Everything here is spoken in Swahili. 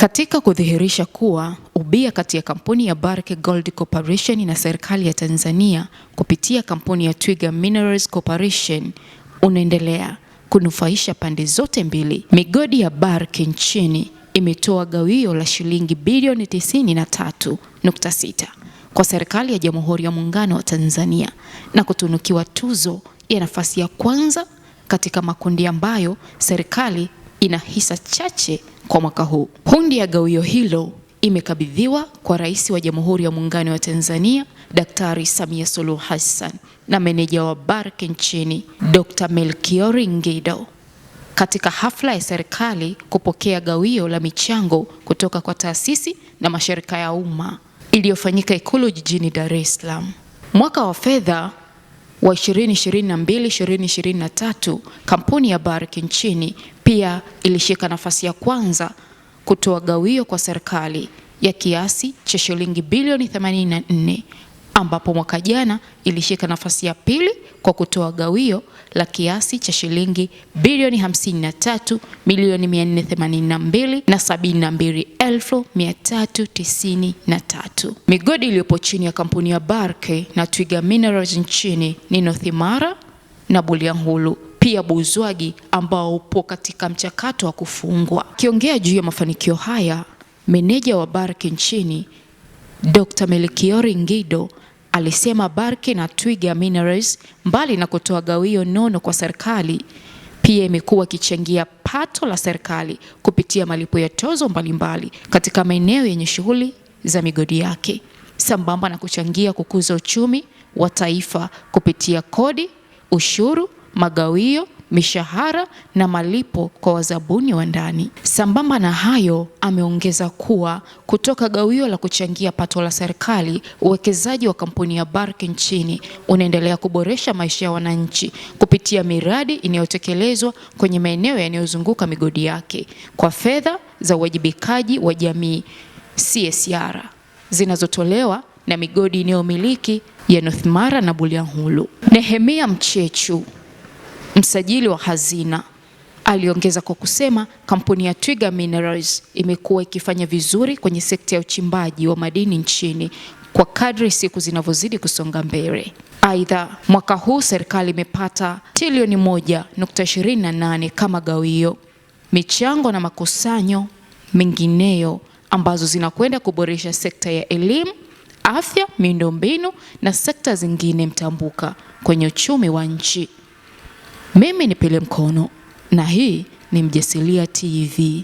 Katika kudhihirisha kuwa ubia kati ya kampuni ya Barrick Gold Corporation na serikali ya Tanzania kupitia kampuni ya Twiga Minerals Corporation unaendelea kunufaisha pande zote mbili, migodi ya Barrick nchini imetoa gawio la shilingi bilioni 93.6 kwa serikali ya Jamhuri ya Muungano wa Tanzania na kutunukiwa tuzo ya nafasi ya kwanza katika makundi ambayo serikali ina hisa chache kwa mwaka huu. Hundi ya gawio hilo imekabidhiwa kwa Rais wa Jamhuri ya Muungano wa Tanzania Daktari Samia Suluhu Hassan na meneja wa Barrick nchini Dr. Melkiori Ngido katika hafla ya serikali kupokea gawio la michango kutoka kwa taasisi na mashirika ya umma iliyofanyika Ikulu jijini Dar es Salaam. Mwaka wa fedha wa 2022 2023 kampuni ya Barrick nchini pia ilishika nafasi ya kwanza kutoa gawio kwa serikali ya kiasi cha shilingi bilioni 84 ambapo mwaka jana ilishika nafasi ya pili kwa kutoa gawio la kiasi cha shilingi bilioni 53 milioni 482 na 72 elfu 393. Migodi iliyopo chini ya kampuni ya Barke na Twiga Minerals nchini ni Nothimara na Bulyanhulu pia Buzwagi ambao upo katika mchakato wa kufungwa. Akiongea juu ya mafanikio haya, meneja wa Barke nchini Dr. Melkiori Ngido Alisema Barki na Twiga Minerals mbali na kutoa gawio nono kwa serikali, pia imekuwa ikichangia pato la serikali kupitia malipo ya tozo mbalimbali mbali katika maeneo yenye shughuli za migodi yake, sambamba na kuchangia kukuza uchumi wa taifa kupitia kodi, ushuru, magawio mishahara na malipo kwa wazabuni wa ndani. Sambamba na hayo, ameongeza kuwa kutoka gawio la kuchangia pato la serikali, uwekezaji wa kampuni ya Barrick nchini unaendelea kuboresha maisha ya wananchi kupitia miradi inayotekelezwa kwenye maeneo yanayozunguka migodi yake kwa fedha za uwajibikaji wa jamii CSR zinazotolewa na migodi inayomiliki ya North Mara na Bulyanhulu. Nehemia Mchechu Msajili wa hazina aliongeza kwa kusema kampuni ya Twiga Minerals imekuwa ikifanya vizuri kwenye sekta ya uchimbaji wa madini nchini kwa kadri siku zinavyozidi kusonga mbele. Aidha, mwaka huu serikali imepata trilioni 1.28 kama gawio, michango na makusanyo mengineyo ambazo zinakwenda kuboresha sekta ya elimu, afya, miundombinu na sekta zingine mtambuka kwenye uchumi wa nchi. Mimi ni Pile Mkono na hii ni Mjasilia TV.